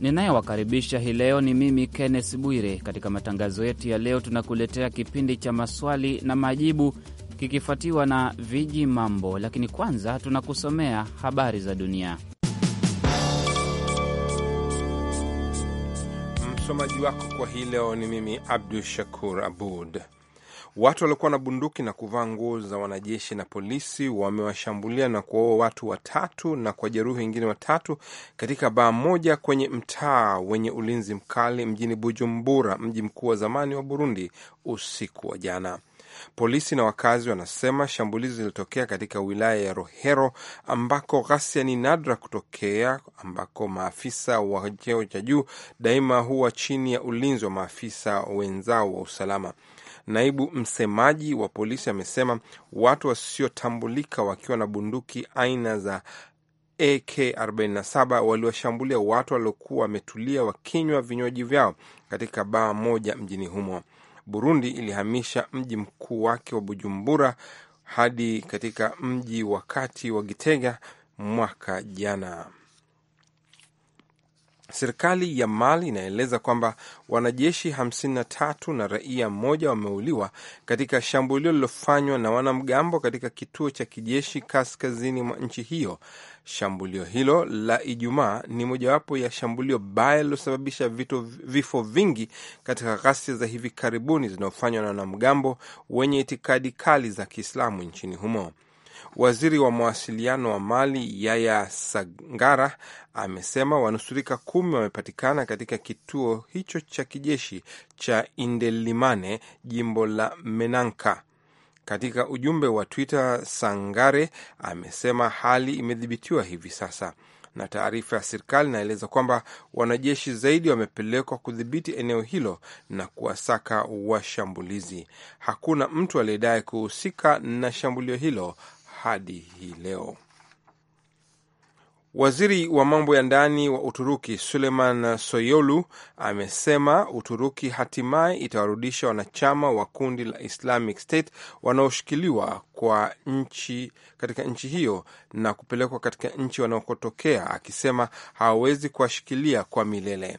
Ninayewakaribisha hii leo ni mimi Kenneth Bwire. Katika matangazo yetu ya leo, tunakuletea kipindi cha maswali na majibu kikifuatiwa na viji mambo, lakini kwanza tunakusomea habari za dunia. Msomaji wako kwa hii leo ni mimi Abdu Shakur Abud. Watu waliokuwa na bunduki na kuvaa nguo za wanajeshi na polisi wamewashambulia na kuwaua watu watatu na kwa jeruhi wengine watatu katika baa moja kwenye mtaa wenye ulinzi mkali mjini Bujumbura, mji mkuu wa zamani wa Burundi, usiku wa jana. Polisi na wakazi wanasema shambulizi lilitokea katika wilaya ya Rohero ambako ghasia ni nadra kutokea, ambako maafisa wa cheo cha juu daima huwa chini ya ulinzi wa maafisa wenzao wa usalama. Naibu msemaji wa polisi amesema watu wasiotambulika wakiwa na bunduki aina za AK47 waliwashambulia watu waliokuwa wametulia wakinywa vinywaji vyao katika baa moja mjini humo. Burundi ilihamisha mji mkuu wake wa Bujumbura hadi katika mji wa kati wa Gitega mwaka jana. Serikali ya Mali inaeleza kwamba wanajeshi 53 na raia mmoja wameuliwa katika shambulio lililofanywa na wanamgambo katika kituo cha kijeshi kaskazini mwa nchi hiyo. Shambulio hilo la Ijumaa ni mojawapo ya shambulio baya lililosababisha vifo vingi katika ghasia za hivi karibuni zinazofanywa na wanamgambo wenye itikadi kali za Kiislamu nchini humo. Waziri wa mawasiliano wa Mali Yaya Sangara amesema wanusurika kumi wamepatikana katika kituo hicho cha kijeshi cha Indelimane, jimbo la Menanka. Katika ujumbe wa Twitter, Sangare amesema hali imedhibitiwa hivi sasa na taarifa ya serikali inaeleza kwamba wanajeshi zaidi wamepelekwa kudhibiti eneo hilo na kuwasaka washambulizi. Hakuna mtu aliyedai kuhusika na shambulio hilo hadi hii leo. Waziri wa mambo ya ndani wa Uturuki Suleiman Soyolu amesema Uturuki hatimaye itawarudisha wanachama wa kundi la Islamic State wanaoshikiliwa kwa nchi katika nchi hiyo na kupelekwa katika nchi wanaokotokea, akisema hawawezi kuwashikilia kwa milele.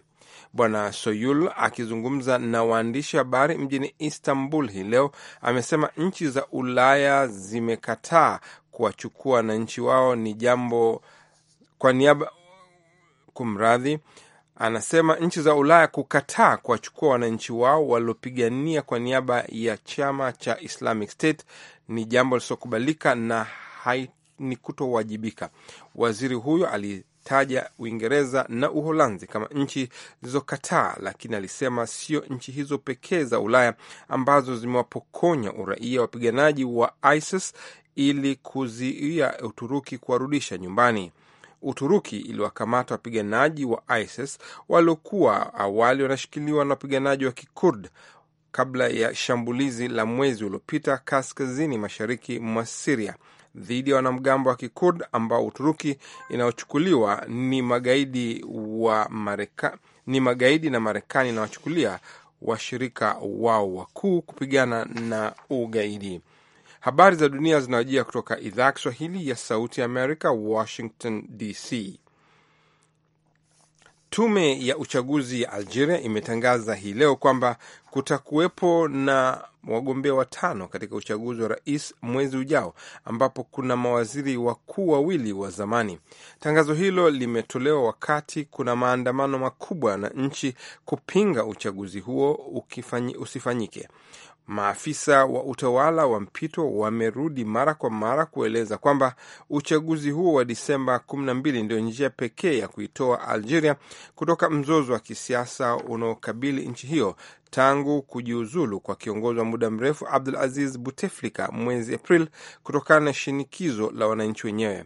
Bwana Soyul akizungumza na waandishi habari mjini Istanbul hii leo amesema nchi za Ulaya zimekataa kuwachukua wananchi wao ni jambo kwa niaba kumradhi Anasema nchi za Ulaya kukataa kuwachukua wananchi wao waliopigania kwa niaba ya chama cha Islamic State ni jambo lisilokubalika na ni kutowajibika. Waziri huyo ali taja Uingereza na Uholanzi kama nchi zilizokataa, lakini alisema sio nchi hizo pekee za Ulaya ambazo zimewapokonya uraia wapiganaji wa ISIS ili kuzuia Uturuki kuwarudisha nyumbani. Uturuki iliwakamata wapiganaji wa ISIS waliokuwa awali wanashikiliwa na wapiganaji wa Kikurd kabla ya shambulizi la mwezi uliopita kaskazini mashariki mwa Siria dhidi ya wanamgambo wa Kikurd ambao Uturuki inayochukuliwa ni magaidi wa Mareka, ni magaidi na Marekani inawachukulia washirika wao wakuu kupigana na ugaidi. Habari za dunia zinawajia kutoka idhaa ya Kiswahili ya Sauti ya Amerika, Washington DC. Tume ya uchaguzi ya Algeria imetangaza hii leo kwamba kutakuwepo na wagombea watano katika uchaguzi wa rais mwezi ujao, ambapo kuna mawaziri wakuu wawili wa zamani. Tangazo hilo limetolewa wakati kuna maandamano makubwa na nchi kupinga uchaguzi huo usifanyike. Maafisa wa utawala wa mpito wamerudi mara kwa mara kueleza kwamba uchaguzi huo wa Disemba 12 ndio njia pekee ya kuitoa Algeria kutoka mzozo wa kisiasa unaokabili nchi hiyo tangu kujiuzulu kwa kiongozi wa muda mrefu Abdul Aziz Buteflika mwezi April kutokana na shinikizo la wananchi wenyewe.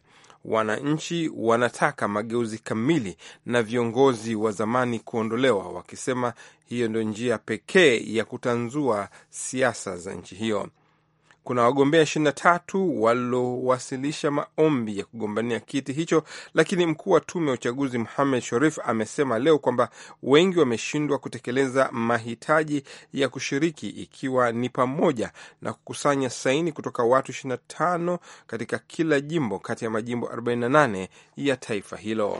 Wananchi wanataka mageuzi kamili na viongozi wa zamani kuondolewa, wakisema hiyo ndio njia pekee ya kutanzua siasa za nchi hiyo kuna wagombea ishirini na tatu waliowasilisha maombi ya kugombania kiti hicho, lakini mkuu wa tume ya uchaguzi Muhamed Sharif amesema leo kwamba wengi wameshindwa kutekeleza mahitaji ya kushiriki, ikiwa ni pamoja na kukusanya saini kutoka watu 25 katika kila jimbo kati ya majimbo 48 ya taifa hilo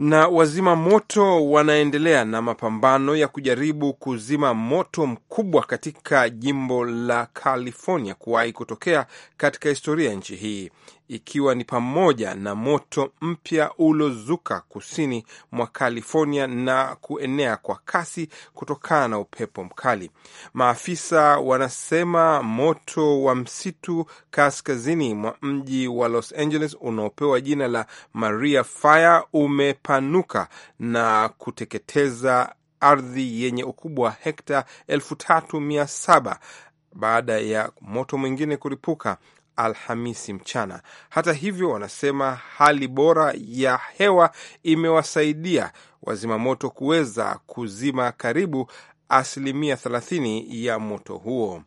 na wazima moto wanaendelea na mapambano ya kujaribu kuzima moto mkubwa katika jimbo la California kuwahi kutokea katika historia ya nchi hii ikiwa ni pamoja na moto mpya ulozuka kusini mwa California na kuenea kwa kasi kutokana na upepo mkali. Maafisa wanasema moto wa msitu kaskazini mwa mji wa Los Angeles unaopewa jina la Maria Fire umepanuka na kuteketeza ardhi yenye ukubwa wa hekta elfu tatu mia saba baada ya moto mwingine kuripuka Alhamisi mchana. Hata hivyo, wanasema hali bora ya hewa imewasaidia wazimamoto kuweza kuzima karibu asilimia 30 ya moto huo.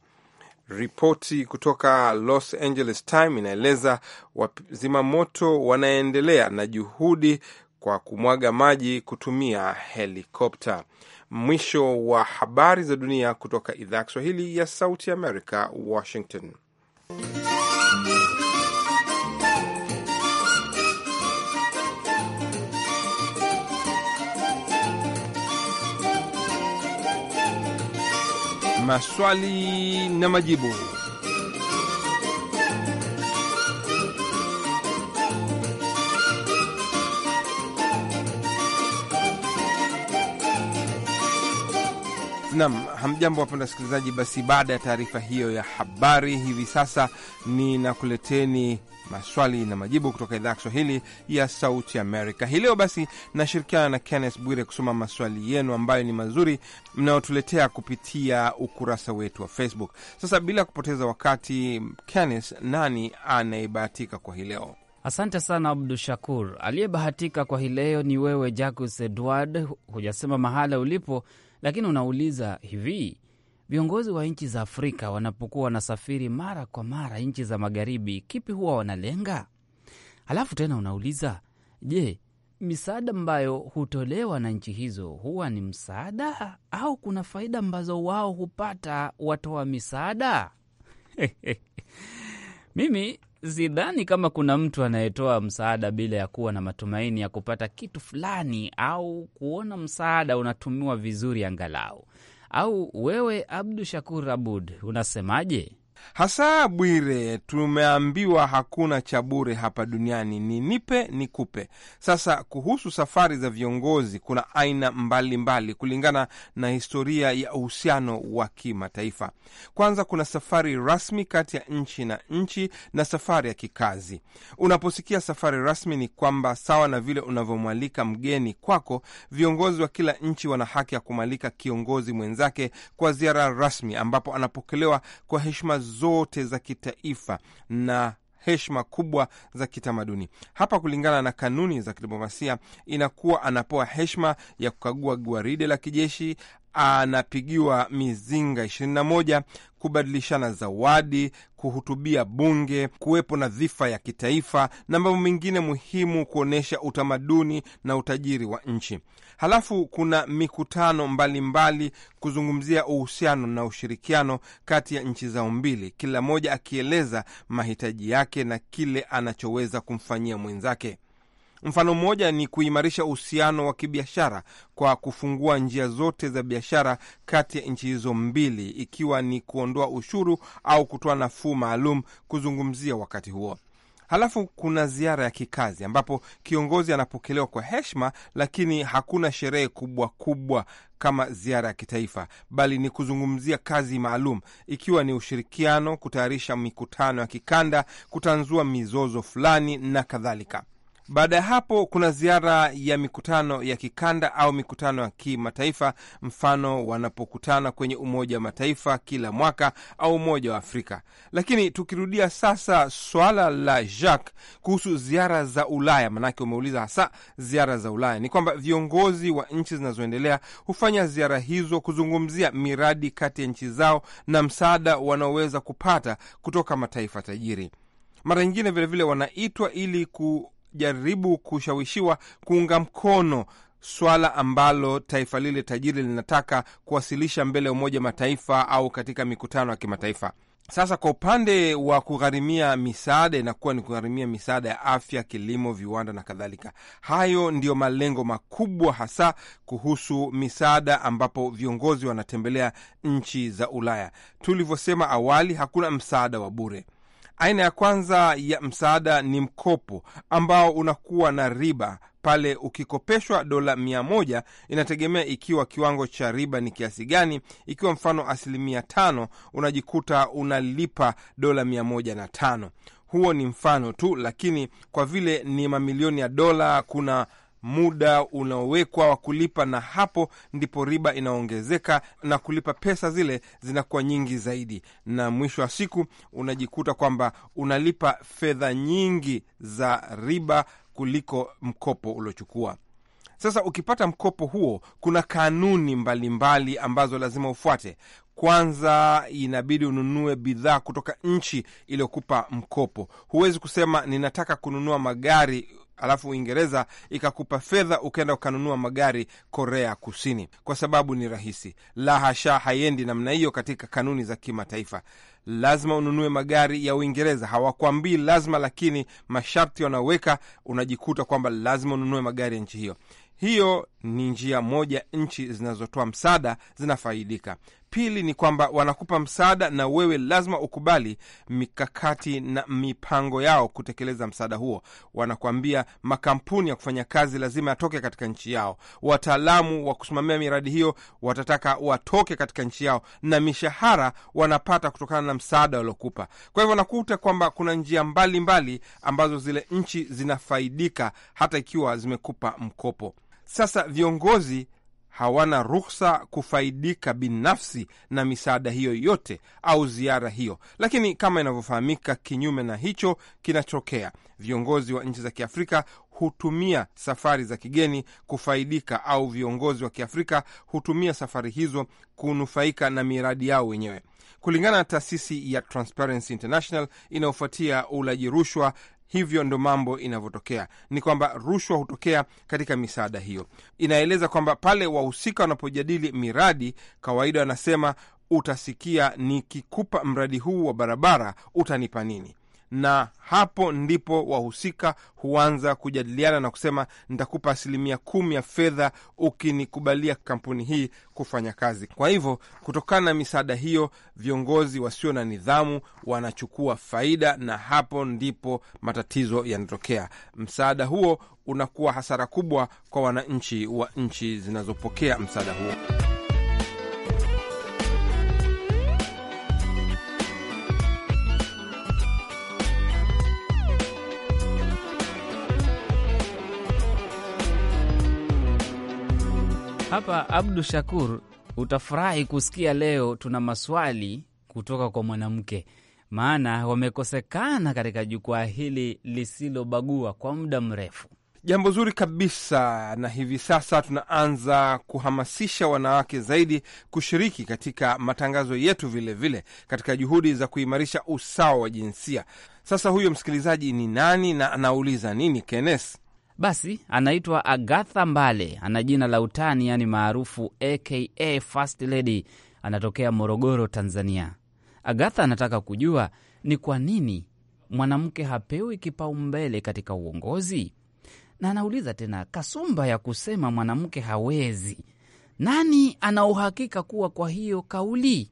Ripoti kutoka Los Angeles Time inaeleza wazima moto wanaendelea na juhudi kwa kumwaga maji kutumia helikopta. Mwisho wa habari za dunia kutoka idhaa ya Kiswahili ya Sauti Amerika, Washington. Maswali na majibu. Nam, hamjambo wapenda wasikilizaji. Basi baada ya taarifa hiyo ya habari, hivi sasa ninakuleteni maswali na majibu kutoka idhaa ya Kiswahili ya Sauti Amerika hii leo. Basi nashirikiana na Kenneth Bwire kusoma maswali yenu ambayo ni mazuri mnayotuletea kupitia ukurasa wetu wa Facebook. Sasa bila kupoteza wakati, Kenneth, nani anayebahatika kwa hii leo? Asante sana Abdu Shakur. Aliyebahatika kwa hii leo ni wewe Jacus Edward, hujasema mahala ulipo lakini unauliza hivi, viongozi wa nchi za Afrika wanapokuwa wanasafiri mara kwa mara nchi za magharibi, kipi huwa wanalenga? Halafu tena unauliza, je, misaada ambayo hutolewa na nchi hizo huwa ni msaada au kuna faida ambazo wao hupata watoa misaada? Mimi Sidhani kama kuna mtu anayetoa msaada bila ya kuwa na matumaini ya kupata kitu fulani au kuona msaada unatumiwa vizuri angalau. Au wewe Abdu Shakur Abud unasemaje? hasa Bwire, tumeambiwa hakuna cha bure hapa duniani, ni nipe ni kupe Sasa kuhusu safari za viongozi, kuna aina mbalimbali mbali, kulingana na historia ya uhusiano wa kimataifa. Kwanza kuna safari rasmi kati ya nchi na nchi na safari ya kikazi. Unaposikia safari rasmi, ni kwamba sawa na vile unavyomwalika mgeni kwako, viongozi wa kila nchi wana haki ya kumwalika kiongozi mwenzake kwa ziara rasmi, ambapo anapokelewa kwa heshima zote za kitaifa na heshima kubwa za kitamaduni hapa. Kulingana na kanuni za kidiplomasia, inakuwa anapewa heshima ya kukagua gwaride la kijeshi, anapigiwa mizinga 21, kubadilishana zawadi, kuhutubia bunge, kuwepo na dhifa ya kitaifa na mambo mengine muhimu kuonyesha utamaduni na utajiri wa nchi. Halafu kuna mikutano mbalimbali mbali kuzungumzia uhusiano na ushirikiano kati ya nchi zao mbili, kila mmoja akieleza mahitaji yake na kile anachoweza kumfanyia mwenzake. Mfano mmoja ni kuimarisha uhusiano wa kibiashara kwa kufungua njia zote za biashara kati ya nchi hizo mbili, ikiwa ni kuondoa ushuru au kutoa nafuu maalum kuzungumzia wakati huo. Halafu kuna ziara ya kikazi ambapo kiongozi anapokelewa kwa heshima, lakini hakuna sherehe kubwa kubwa kama ziara ya kitaifa, bali ni kuzungumzia kazi maalum, ikiwa ni ushirikiano, kutayarisha mikutano ya kikanda, kutanzua mizozo fulani na kadhalika. Baada ya hapo kuna ziara ya mikutano ya kikanda au mikutano ya kimataifa, mfano wanapokutana kwenye Umoja wa Mataifa kila mwaka au Umoja wa Afrika. Lakini tukirudia sasa swala la Jacques kuhusu ziara za Ulaya, manake umeuliza hasa ziara za Ulaya, ni kwamba viongozi wa nchi zinazoendelea hufanya ziara hizo kuzungumzia miradi kati ya nchi zao na msaada wanaoweza kupata kutoka mataifa tajiri. Mara nyingine vilevile wanaitwa ili ku wanajaribu kushawishiwa kuunga mkono swala ambalo taifa lile tajiri linataka kuwasilisha mbele ya Umoja Mataifa au katika mikutano ya kimataifa. Sasa kwa upande wa kugharimia misaada inakuwa ni kugharimia misaada ya afya, kilimo, viwanda na kadhalika. Hayo ndiyo malengo makubwa hasa kuhusu misaada, ambapo viongozi wanatembelea nchi za Ulaya. Tulivyosema awali, hakuna msaada wa bure. Aina ya kwanza ya msaada ni mkopo ambao unakuwa na riba pale ukikopeshwa dola mia moja inategemea ikiwa kiwango cha riba ni kiasi gani. Ikiwa mfano asilimia tano, unajikuta unalipa dola mia moja na tano. Huo ni mfano tu, lakini kwa vile ni mamilioni ya dola, kuna muda unaowekwa wa kulipa, na hapo ndipo riba inaongezeka na kulipa pesa zile zinakuwa nyingi zaidi, na mwisho wa siku unajikuta kwamba unalipa fedha nyingi za riba kuliko mkopo uliochukua. Sasa ukipata mkopo huo, kuna kanuni mbalimbali mbali ambazo lazima ufuate. Kwanza inabidi ununue bidhaa kutoka nchi iliyokupa mkopo. Huwezi kusema ninataka kununua magari alafu Uingereza ikakupa fedha ukaenda ukanunua magari Korea Kusini kwa sababu ni rahisi. La hasha, haiendi namna hiyo. Katika kanuni za kimataifa lazima ununue magari ya Uingereza. Hawakwambii lazima, lakini masharti wanaoweka unajikuta kwamba lazima ununue magari ya nchi hiyo. Hiyo ni njia moja, nchi zinazotoa msaada zinafaidika pili ni kwamba wanakupa msaada na wewe lazima ukubali mikakati na mipango yao kutekeleza msaada huo. Wanakuambia makampuni ya kufanya kazi lazima yatoke katika nchi yao, wataalamu wa kusimamia miradi hiyo watataka watoke katika nchi yao, na mishahara wanapata kutokana na msaada waliokupa. Kwa hivyo nakuta kwamba kuna njia mbalimbali mbali ambazo zile nchi zinafaidika hata ikiwa zimekupa mkopo. Sasa viongozi hawana ruhusa kufaidika binafsi na misaada hiyo yote au ziara hiyo. Lakini kama inavyofahamika, kinyume na hicho kinachotokea, viongozi wa nchi za Kiafrika hutumia safari za kigeni kufaidika, au viongozi wa Kiafrika hutumia safari hizo kunufaika na miradi yao wenyewe. Kulingana na taasisi ya Transparency International inayofuatia ulaji rushwa Hivyo ndo mambo inavyotokea, ni kwamba rushwa hutokea katika misaada hiyo. Inaeleza kwamba pale wahusika wanapojadili miradi, kawaida wanasema utasikia nikikupa mradi huu wa barabara utanipa nini? na hapo ndipo wahusika huanza kujadiliana na kusema, nitakupa asilimia kumi ya fedha ukinikubalia kampuni hii kufanya kazi. Kwa hivyo, kutokana na misaada hiyo, viongozi wasio na nidhamu wanachukua faida, na hapo ndipo matatizo yanatokea. Msaada huo unakuwa hasara kubwa kwa wananchi wa nchi zinazopokea msaada huo. hapa Abdu Shakur, utafurahi kusikia leo tuna maswali kutoka kwa mwanamke, maana wamekosekana katika jukwaa hili lisilobagua kwa muda mrefu. Jambo zuri kabisa, na hivi sasa tunaanza kuhamasisha wanawake zaidi kushiriki katika matangazo yetu, vilevile vile katika juhudi za kuimarisha usawa wa jinsia. Sasa huyo msikilizaji ni nani na anauliza nini, Kenes? Basi anaitwa Agatha Mbale, ana jina la utani yaani maarufu aka First Lady. Anatokea Morogoro, Tanzania. Agatha anataka kujua ni kwa nini mwanamke hapewi kipaumbele katika uongozi, na anauliza tena kasumba ya kusema mwanamke hawezi. Nani ana uhakika kuwa kwa hiyo kauli?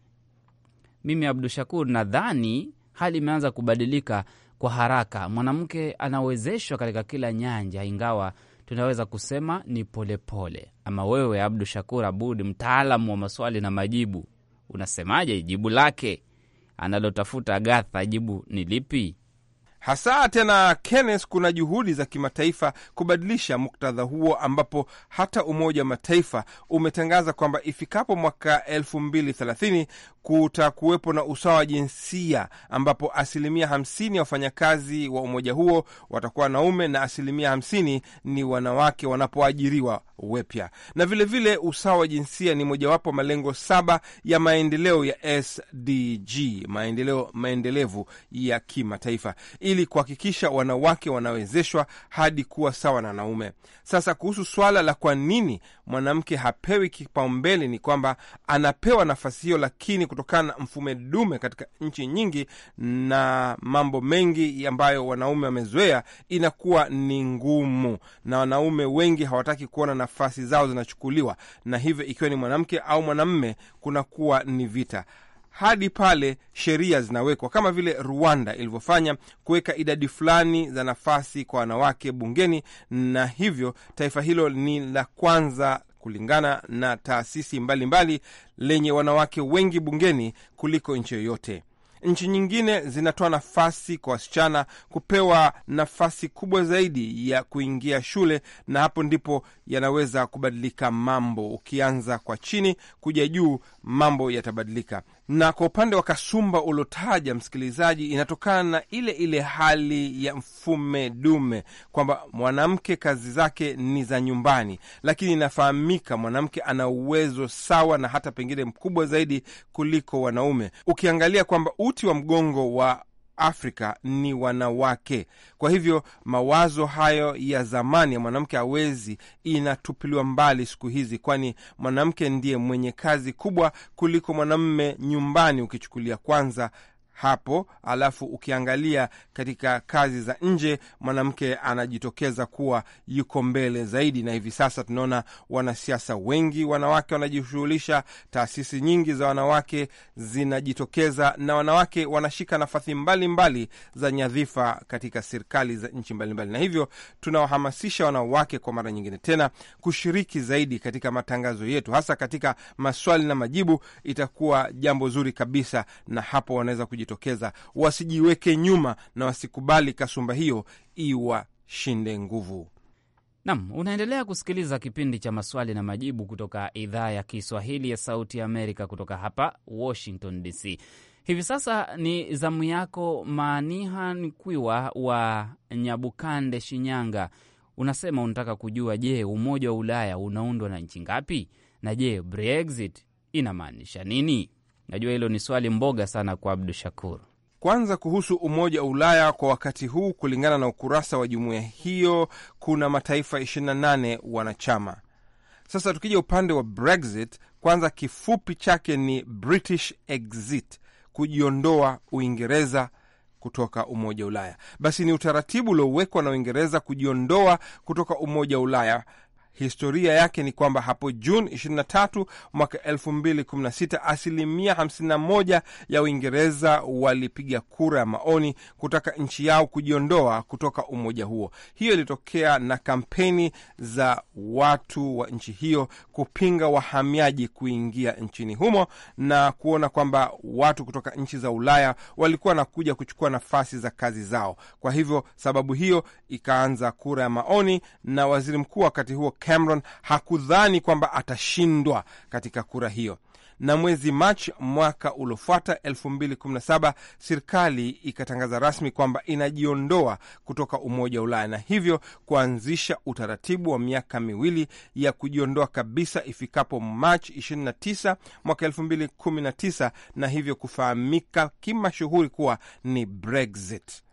Mimi Abdu Shakur, nadhani hali imeanza kubadilika kwa haraka. Mwanamke anawezeshwa katika kila nyanja, ingawa tunaweza kusema ni polepole pole. Ama wewe Abdu Shakur Abud, mtaalamu wa maswali na majibu, unasemaje? Jibu lake analotafuta Agatha, jibu ni lipi hasa? Tena Kenneth, kuna juhudi za kimataifa kubadilisha muktadha huo, ambapo hata Umoja wa Mataifa umetangaza kwamba ifikapo mwaka elfu mbili thelathini kutakuwepo na usawa wa jinsia ambapo asilimia hamsini ya wafanyakazi wa umoja huo watakuwa wanaume na asilimia hamsini ni wanawake wanapoajiriwa wepya. Na vilevile vile usawa wa jinsia ni mojawapo malengo saba ya maendeleo ya SDG, maendeleo maendelevu ya kimataifa, ili kuhakikisha wanawake wanawezeshwa hadi kuwa sawa na wanaume. Sasa kuhusu swala la kwa nini mwanamke hapewi kipaumbele, ni kwamba anapewa nafasi hiyo, lakini kutokana na mfume dume katika nchi nyingi na mambo mengi ambayo wanaume wamezoea, inakuwa ni ngumu, na wanaume wengi hawataki kuona nafasi zao zinachukuliwa, na hivyo ikiwa ni mwanamke au mwanamme, kunakuwa ni vita hadi pale sheria zinawekwa kama vile Rwanda ilivyofanya kuweka idadi fulani za nafasi kwa wanawake bungeni, na hivyo taifa hilo ni la kwanza kulingana na taasisi mbalimbali, lenye wanawake wengi bungeni kuliko nchi yoyote. Nchi nyingine zinatoa nafasi kwa wasichana kupewa nafasi kubwa zaidi ya kuingia shule, na hapo ndipo yanaweza kubadilika mambo. Ukianza kwa chini kuja juu, mambo yatabadilika. Na kwa upande wa kasumba uliotaja msikilizaji, inatokana na ile ile hali ya mfume dume kwamba mwanamke kazi zake ni za nyumbani, lakini inafahamika mwanamke ana uwezo sawa na hata pengine mkubwa zaidi kuliko wanaume, ukiangalia kwamba uti wa mgongo wa Afrika ni wanawake. Kwa hivyo mawazo hayo ya zamani ya mwanamke hawezi inatupiliwa mbali siku hizi, kwani mwanamke ndiye mwenye kazi kubwa kuliko mwanamme nyumbani, ukichukulia kwanza hapo. Alafu ukiangalia katika kazi za nje, mwanamke anajitokeza kuwa yuko mbele zaidi, na hivi sasa tunaona wanasiasa wengi wanawake wanajishughulisha, taasisi nyingi za wanawake zinajitokeza, na wanawake wanashika nafasi mbalimbali za nyadhifa katika serikali za nchi mbalimbali Na hivyo tunawahamasisha wanawake kwa mara nyingine tena kushiriki zaidi katika matangazo yetu, hasa katika maswali na majibu. Itakuwa jambo zuri kabisa, na hapo wanaweza kujitokeza kujitokeza, wasijiweke nyuma na wasikubali kasumba hiyo iwashinde nguvu. Nam, unaendelea kusikiliza kipindi cha maswali na majibu kutoka idhaa ya Kiswahili ya Sauti ya Amerika, kutoka hapa Washington DC. Hivi sasa ni zamu yako, Maaniha Nkwiwa wa Nyabukande, Shinyanga. Unasema unataka kujua, je, umoja wa Ulaya unaundwa na nchi ngapi? Na je, Brexit inamaanisha nini? Najua hilo ni swali mboga sana kwa Abdu Shakur. Kwanza kuhusu Umoja wa Ulaya kwa wakati huu, kulingana na ukurasa wa jumuiya hiyo kuna mataifa 28 wanachama. Sasa tukija upande wa Brexit, kwanza kifupi chake ni British exit, kujiondoa Uingereza kutoka Umoja wa Ulaya. Basi ni utaratibu uliowekwa na Uingereza kujiondoa kutoka Umoja wa Ulaya Historia yake ni kwamba hapo Juni 23 mwaka 2016 asilimia 51 ya Uingereza walipiga kura ya maoni kutaka nchi yao kujiondoa kutoka umoja huo. Hiyo ilitokea na kampeni za watu wa nchi hiyo kupinga wahamiaji kuingia nchini humo na kuona kwamba watu kutoka nchi za Ulaya walikuwa wanakuja kuchukua nafasi za kazi zao. Kwa hivyo sababu hiyo ikaanza kura ya maoni, na waziri mkuu wakati huo Cameron hakudhani kwamba atashindwa katika kura hiyo. Na mwezi Machi mwaka uliofuata 2017 serikali ikatangaza rasmi kwamba inajiondoa kutoka Umoja wa Ulaya na hivyo kuanzisha utaratibu wa miaka miwili ya kujiondoa kabisa ifikapo Machi 29 mwaka 2019 na hivyo kufahamika kimashuhuri kuwa ni Brexit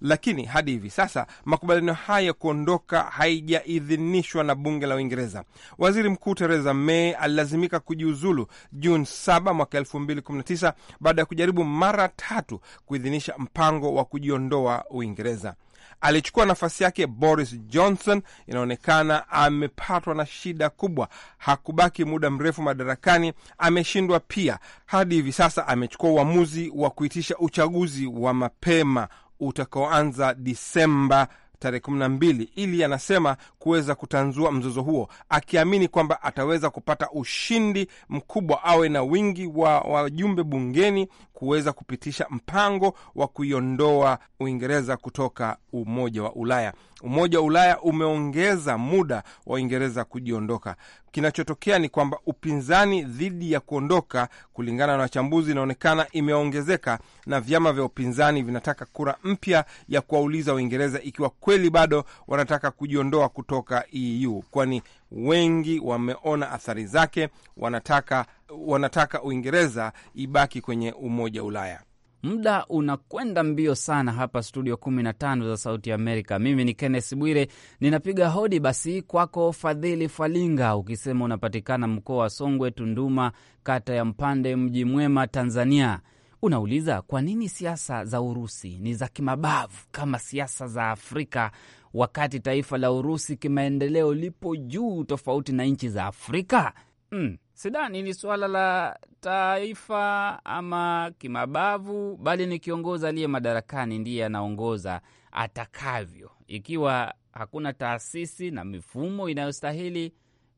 lakini hadi hivi sasa makubaliano haya ya kuondoka haijaidhinishwa na bunge la Uingereza. Waziri Mkuu Theresa May alilazimika kujiuzulu Juni 7 mwaka 2019 baada ya kujaribu mara tatu kuidhinisha mpango wa kujiondoa Uingereza. Alichukua nafasi yake Boris Johnson. Inaonekana amepatwa na shida kubwa, hakubaki muda mrefu madarakani, ameshindwa pia. Hadi hivi sasa amechukua uamuzi wa kuitisha uchaguzi wa mapema utakaoanza Disemba tarehe kumi na mbili ili anasema kuweza kutanzua mzozo huo, akiamini kwamba ataweza kupata ushindi mkubwa, awe na wingi wa wajumbe bungeni kuweza kupitisha mpango wa kuiondoa Uingereza kutoka Umoja wa Ulaya. Umoja wa Ulaya umeongeza muda wa Uingereza kujiondoka kinachotokea ni kwamba upinzani dhidi ya kuondoka, kulingana na wachambuzi, inaonekana imeongezeka na vyama vya upinzani vinataka kura mpya ya kuwauliza Uingereza ikiwa kweli bado wanataka kujiondoa kutoka EU, kwani wengi wameona athari zake. Wanataka wanataka Uingereza ibaki kwenye Umoja wa Ulaya. Muda unakwenda mbio sana hapa studio 15 za Sauti Amerika. Mimi ni Kenneth Bwire, ninapiga hodi basi kwako Fadhili Falinga, ukisema unapatikana mkoa wa Songwe, Tunduma, kata ya Mpande, Mji Mwema, Tanzania. Unauliza, kwa nini siasa za Urusi ni za kimabavu kama siasa za Afrika, wakati taifa la Urusi kimaendeleo lipo juu tofauti na nchi za Afrika? Mm. Sudani ni suala la taifa ama kimabavu, bali ni kiongozi aliye madarakani ndiye anaongoza atakavyo, ikiwa hakuna taasisi na mifumo inayostahili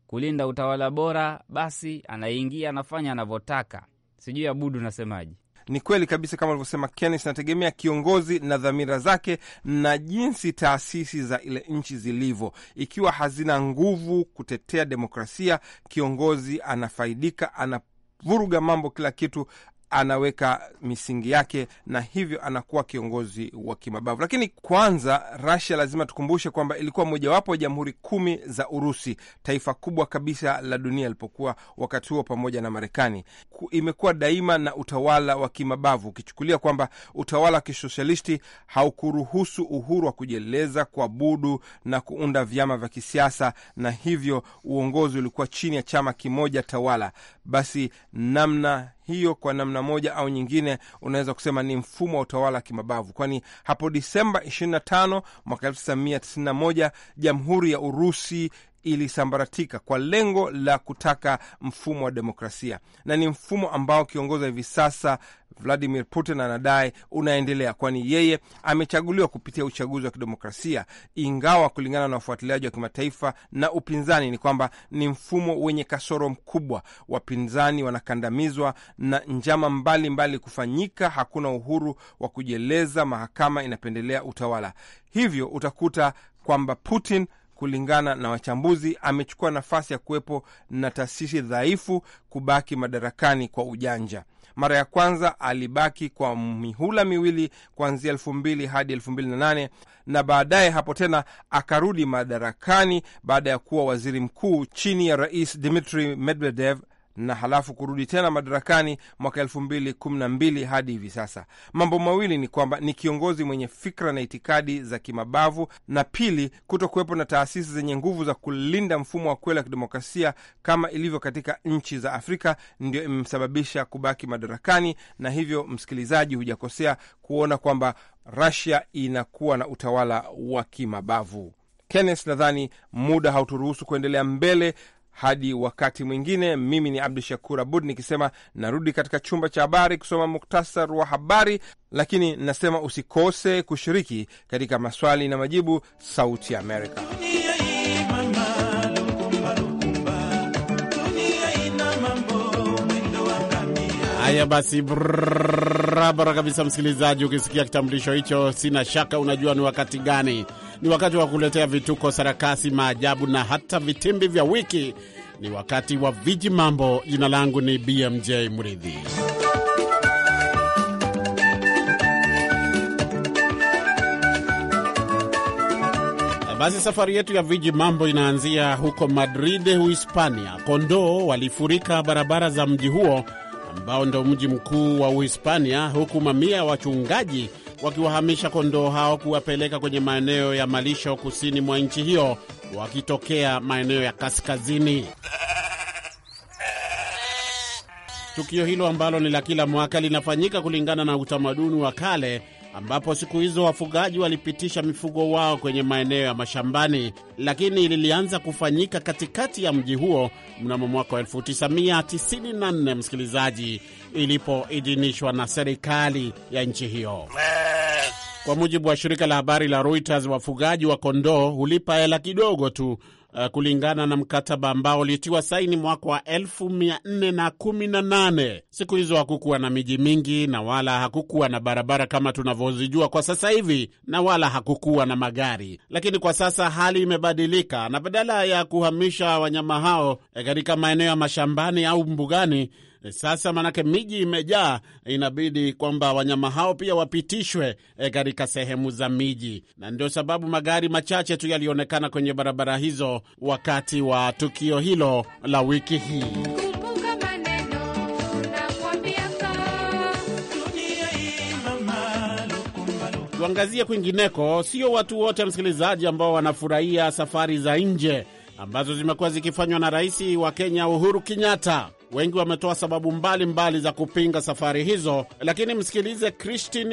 kulinda utawala bora, basi anaingia anafanya anavyotaka. Sijui Abudu, nasemaji ni kweli kabisa kama alivyosema Kenneth, nategemea kiongozi na dhamira zake na jinsi taasisi za ile nchi zilivyo. Ikiwa hazina nguvu kutetea demokrasia, kiongozi anafaidika, anavuruga mambo kila kitu anaweka misingi yake na hivyo anakuwa kiongozi wa kimabavu. Lakini kwanza, Rasia lazima tukumbushe kwamba ilikuwa mojawapo ya jamhuri kumi za Urusi, taifa kubwa kabisa la dunia ilipokuwa wakati huo, pamoja na Marekani. Imekuwa daima na utawala wa kimabavu, ukichukulia kwamba utawala wa kisosialisti haukuruhusu uhuru wa kujieleza, kuabudu na kuunda vyama vya kisiasa, na hivyo uongozi ulikuwa chini ya chama kimoja tawala. Basi namna hiyo kwa namna moja au nyingine unaweza kusema ni mfumo wa utawala wa kimabavu, kwani hapo Disemba 25 mwaka 1991 jamhuri ya Urusi ilisambaratika kwa lengo la kutaka mfumo wa demokrasia, na ni mfumo ambao kiongozi hivi sasa Vladimir Putin anadai unaendelea, kwani yeye amechaguliwa kupitia uchaguzi wa kidemokrasia, ingawa kulingana na wafuatiliaji wa kimataifa na upinzani ni kwamba ni mfumo wenye kasoro mkubwa. Wapinzani wanakandamizwa na njama mbalimbali mbali kufanyika, hakuna uhuru wa kujieleza, mahakama inapendelea utawala. Hivyo utakuta kwamba Putin kulingana na wachambuzi, amechukua nafasi ya kuwepo na taasisi dhaifu kubaki madarakani kwa ujanja. Mara ya kwanza alibaki kwa mihula miwili kuanzia elfu mbili hadi elfu mbili na nane na baadaye hapo tena akarudi madarakani baada ya kuwa waziri mkuu chini ya rais Dmitri Medvedev na halafu kurudi tena madarakani mwaka elfu mbili kumi na mbili hadi hivi sasa. Mambo mawili ni kwamba ni kiongozi mwenye fikra na itikadi za kimabavu, na pili, kuto kuwepo na taasisi zenye nguvu za kulinda mfumo wa kweli wa kidemokrasia kama ilivyo katika nchi za Afrika, ndio imemsababisha kubaki madarakani. Na hivyo, msikilizaji, hujakosea kuona kwamba Russia inakuwa na utawala wa kimabavu. Kenneth, nadhani muda hauturuhusu kuendelea mbele hadi wakati mwingine, mimi ni Abdu Shakur Abud nikisema narudi katika chumba cha habari kusoma muktasar wa habari, lakini nasema usikose kushiriki katika maswali na majibu. Sauti ya Amerika. Haya basi, barabara kabisa msikilizaji, ukisikia kitambulisho hicho, sina shaka unajua ni wakati gani ni wakati wa kuletea vituko, sarakasi, maajabu na hata vitimbi vya wiki. Ni wakati wa viji mambo. Jina langu ni BMJ Mridhi. Basi safari yetu ya viji mambo inaanzia huko Madrid, Uhispania. Kondoo walifurika barabara za mji huo ambao ndo mji mkuu wa Uhispania, huku mamia ya wachungaji wakiwahamisha kondoo hao kuwapeleka kwenye maeneo ya malisho kusini mwa nchi hiyo wakitokea maeneo ya kaskazini. Tukio hilo ambalo ni la kila mwaka linafanyika kulingana na utamaduni wa kale ambapo siku hizo wafugaji walipitisha mifugo wao kwenye maeneo ya mashambani, lakini lilianza kufanyika katikati ya mji huo mnamo mwaka 1994 msikilizaji, ilipoidhinishwa na serikali ya nchi hiyo. Kwa mujibu wa shirika la habari la Reuters, wafugaji wa kondoo hulipa hela kidogo tu uh, kulingana na mkataba ambao ulitiwa saini mwaka wa elfu Siku hizo hakukuwa na miji mingi na wala hakukuwa na barabara kama tunavyozijua kwa sasa hivi na wala hakukuwa na magari, lakini kwa sasa hali imebadilika, na badala ya kuhamisha wanyama hao eh, katika maeneo ya mashambani au mbugani Eh, sasa maanake miji imejaa, inabidi kwamba wanyama hao pia wapitishwe eh, katika sehemu za miji, na ndio sababu magari machache tu yalionekana kwenye barabara hizo wakati wa tukio hilo la wiki hii. Tuangazie kwingineko. Sio watu wote, msikilizaji, ambao wanafurahia safari za nje ambazo zimekuwa zikifanywa na rais wa Kenya Uhuru Kenyatta. Wengi wametoa sababu mbalimbali mbali za kupinga safari hizo, lakini msikilize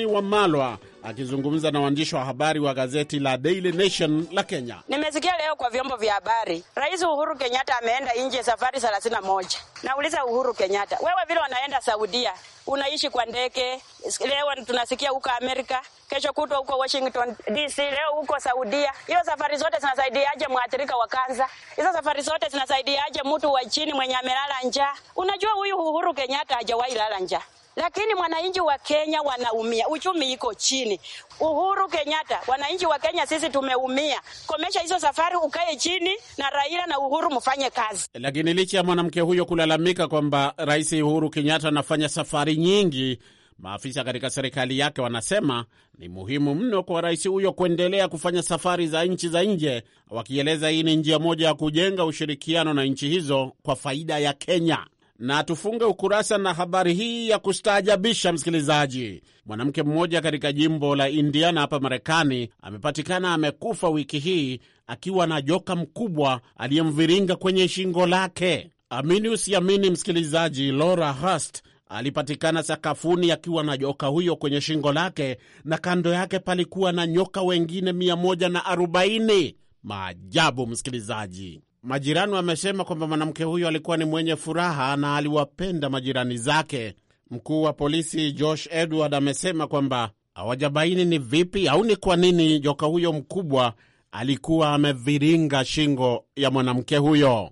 wa Wamalwa akizungumza na waandishi wa habari wa gazeti la Daily Nation la Kenya. Nimesikia leo kwa vyombo vya habari Rais Uhuru Kenyatta ameenda nje safari 31. Nauliza Uhuru Kenyatta, wewe vile wanaenda Saudia unaishi kwa ndege, leo tunasikia huko Amerika, kesho kutwa huko Washington DC, leo huko Saudia. Hiyo safari zote zinasaidiaje mwathirika wa kansa? Hizo safari zote zinasaidiaje mtu wa chini mwenye amelala njaa? Unajua huyu Uhuru Kenyatta hajawahi lala njaa lakini mwananchi wa Kenya wanaumia, uchumi iko chini. Uhuru Kenyatta, wananchi wa Kenya sisi tumeumia. Komesha hizo safari, ukae chini na Raila na Uhuru mfanye kazi. Lakini licha ya mwanamke huyo kulalamika kwamba Rais Uhuru Kenyatta anafanya safari nyingi, maafisa katika serikali yake wanasema ni muhimu mno kwa rais huyo kuendelea kufanya safari za nchi za nje, wakieleza hii ni njia moja ya kujenga ushirikiano na nchi hizo kwa faida ya Kenya na tufunge ukurasa na habari hii ya kustaajabisha, msikilizaji. Mwanamke mmoja katika jimbo la Indiana hapa Marekani amepatikana amekufa wiki hii akiwa na joka mkubwa aliyemviringa kwenye shingo lake. Amini usiamini, msikilizaji, Laura Hurst alipatikana sakafuni akiwa na joka huyo kwenye shingo lake, na kando yake palikuwa na nyoka wengine 140. Maajabu, msikilizaji. Majirani wamesema kwamba mwanamke huyo alikuwa ni mwenye furaha na aliwapenda majirani zake. Mkuu wa polisi Josh Edward amesema kwamba hawajabaini ni vipi au ni kwa nini joka huyo mkubwa alikuwa ameviringa shingo ya mwanamke huyo.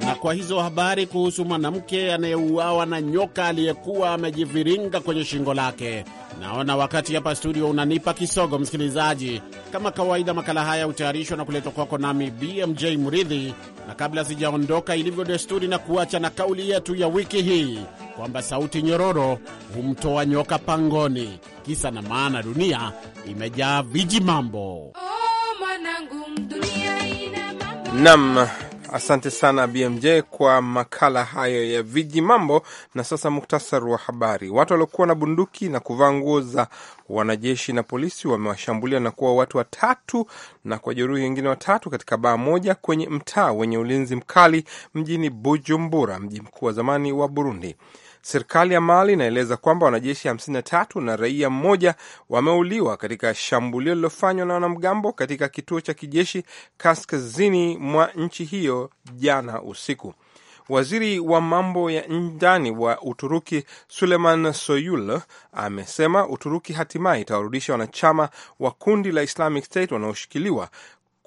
Na kwa hizo habari kuhusu mwanamke anayeuawa na nyoka aliyekuwa amejiviringa kwenye shingo lake Naona wakati hapa studio unanipa kisogo, msikilizaji. Kama kawaida, makala haya hutayarishwa na kuletwa kwako nami BMJ mridhi na kabla sijaondoka, ilivyo desturi, na kuacha na kauli yetu ya wiki hii kwamba sauti nyororo humtoa nyoka pangoni. Kisa na maana, dunia imejaa viji mambo. Oh, nam Asante sana BMJ kwa makala hayo ya viji mambo. Na sasa muktasari wa habari. Watu waliokuwa na bunduki na kuvaa nguo za wanajeshi na polisi wamewashambulia na kuwa watu watatu na kwa jeruhi wengine watatu katika baa moja kwenye mtaa wenye ulinzi mkali mjini Bujumbura, mji mkuu wa zamani wa Burundi. Serikali ya Mali inaeleza kwamba wanajeshi 53 na raia mmoja wameuliwa katika shambulio lililofanywa na wanamgambo katika kituo cha kijeshi kaskazini mwa nchi hiyo jana usiku. Waziri wa mambo ya ndani wa Uturuki suleiman Soyul amesema Uturuki hatimaye itawarudisha wanachama wa kundi la Islamic State wanaoshikiliwa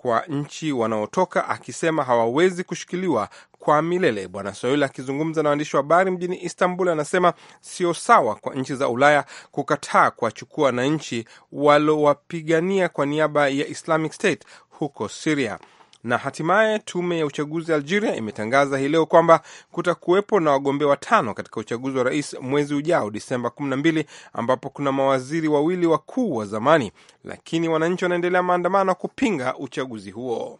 kwa nchi wanaotoka, akisema hawawezi kushikiliwa kwa milele. Bwana Soyoli akizungumza na waandishi wa habari mjini Istanbul anasema sio sawa kwa nchi za Ulaya kukataa kuwachukua wananchi walowapigania kwa niaba ya Islamic State huko Siria. Na hatimaye tume ya uchaguzi ya Algeria imetangaza hii leo kwamba kutakuwepo na wagombea watano katika uchaguzi wa rais mwezi ujao Disemba 12, ambapo kuna mawaziri wawili wakuu wa zamani, lakini wananchi wanaendelea maandamano kupinga uchaguzi huo.